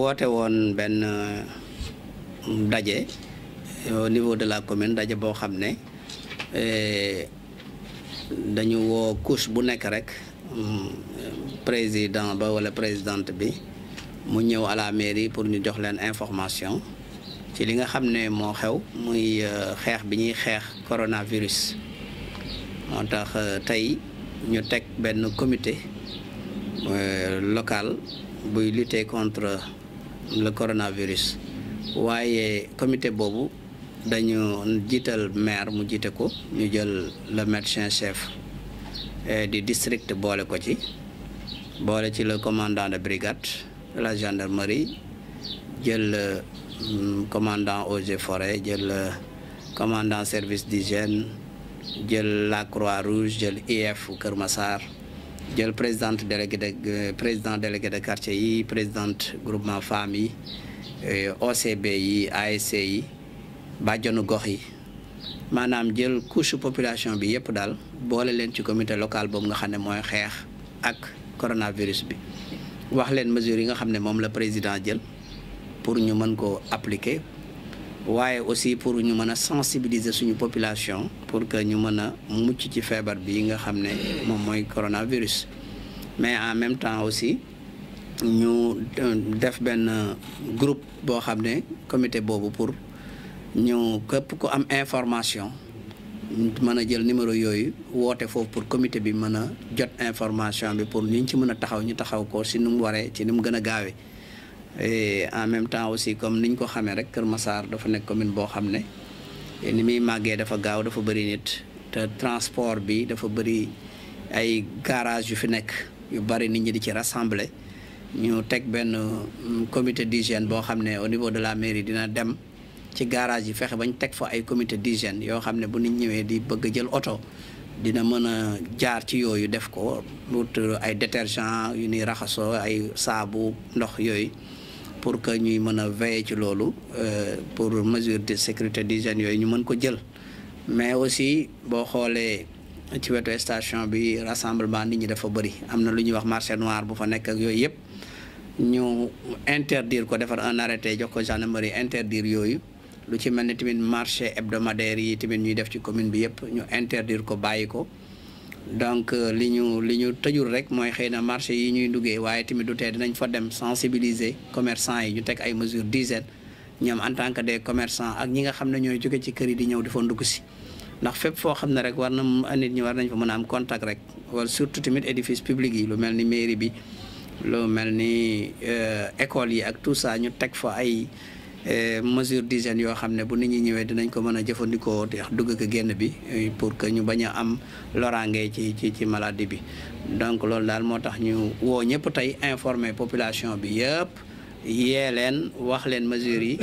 woote woon benn euh, au niveau de la commune dajé bo xamné euh dañu wo couche bu nek rek euh, président ba wala présidente bi mu ñëw à la mairie pour ñu jox leen information ci li nga xamné mo xew muy euh, xeex bi ñuy xeex coronavirus moo tay ñu tek ben comité local buy lutter contre le coronavirus Le comité bobu dañu maire le médecin chef eh, du district de ko le commandant de brigade la gendarmerie le mm, commandant aux forêts le commandant service d'hygiène la Croix-Rouge l'IF IF Kermassar. jël présidente délégué de euh, président délégué de quartier yi présidente groupement femmes yi euh, OCB yi ASC yi bàjjanu gox yi maanaam jël couche population bi yëpp daal boole leen ci comité local boobu nga xam ne mooy xeex ak coronavirus bi wax leen mesures yi nga xam ne moom la président jël pour ñu mën ko appliquer waaye aussi pour ñu mën a sensibiliser suñu population pour que ñu mën a mucc ci feebar bi nga xam ne moom mooy coronavirus mais en même temps aussi ñu euh, def benn groupe boo xam ne comité boobu pour ñu képp ku am information mën a jël numéro yooyu woote foofu pour comité bi mën a jot information bi pour liñ ci mën a taxaw ñu taxaw ko si nu mu waree ci ni mu gën a gaawee et en même temps aussi comme niñ ko xamee rek Kër Massar dafa nekk commune boo xam ne ni muy màggee dafa gaaw dafa bëri nit transport bi dafa bëri ay garage yu fi nekk yu bëri nit ñi di ci rassembler ñu teg benn mm, comité d'hygiène boo xam ne au niveau de la mairie dina dem ci garage yi fexe bañ teg fa ay comité d'hygiène yoo xam ne bu nuñ ñëwee di bëgg jël oto dina mën a jaar ci yooyu def ko wut ay détergent yu ñuy raxasoo ay saabu ndox yooyu pour que ñuy mën a veiller ci loolu euh, pour mesure de sécurité d'hygiène yooyu ñu mën ko jël mais aussi boo xoolee ci wetu station bi rassemblement nit ñi dafa bëri am na lu ñuy wax marché noir bu fa nekk ak yooyu yëpp ñu interdire ko defar un arrêté jox ko gendarmerie interdire yooyu lu ci mel ni tamit marché hebdomadaire yi tamit ñuy def ci commune bi yëpp ñu interdire ko bàyyi ko donc euh, li ñu li ñu tëjul rek mooy xëy na marché yi ñuy duggee waaye tamit du tee dinañ fa dem sensibiliser commerçant yi ñu teg ay mesures dizaine ñoom en tant que des commerçants ak ñi nga xam ne ñooy jóge ci kër yi di ñëw di fa ndugg si ndax fépp foo xam ne rek war na nit ñi war nañ fa mën a am contact rek wala surtout tamit édifice public yi lu mel ni mairie bi lu mel ni euh, école yi ak tout ça ñu teg fa ay Eh, mesure d' hygène yoo xam ne bu nit ñi ñëwee dinañ ko mën a jëfandikoo di dugg ak génn bi eh, pour que ñu bañ am loraange ci ci ci maladie bi donc loolu daal moo tax ñu woo ñëpp tey informer population bi yëpp yee leen wax leen mesures yi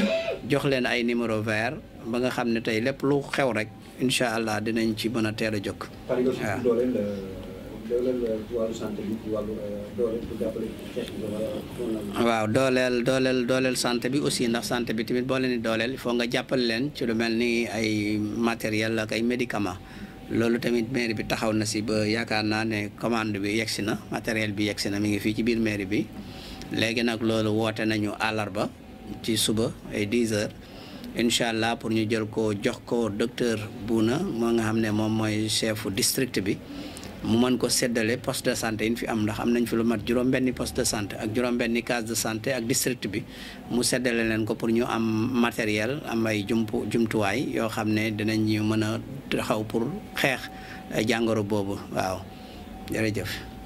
jox leen ay numéro vert ba nga xam ne lépp lu xew rek incha dinañ ci mën a teel Euh, euh, waaw dooleel dooleel dooleel santé bi aussi ndax santé bi tamit boo leen di dooleel il faut nga jàppale leen ci lu mel ni ay matériel ak ay médicaments. loolu tamit mairie bi taxaw na si ba yaakaar naa ne commande bi yegsi na matériel bi yegsi na mi ngi fii ci biir mairie bi léegi nag loolu woote nañu àllarba ci suba ay 10 heures incha allah pour ñu jël ko jox ko docteur Bouna moo nga xam ne moom mooy chefu district bi. mu mën ko séddale poste de santé yi ñu fi am ndax am nañ fi lu mat juróom-benni poste de santé ak juróom-benni case de santé ak district bi mu seddale leen ko pour ñu am matériel am ay jumtu jumtuwaay yoo xam ne dinañ ñu mën a taxaw pour xeex ay jàngoro boobu waaw jërëjëf.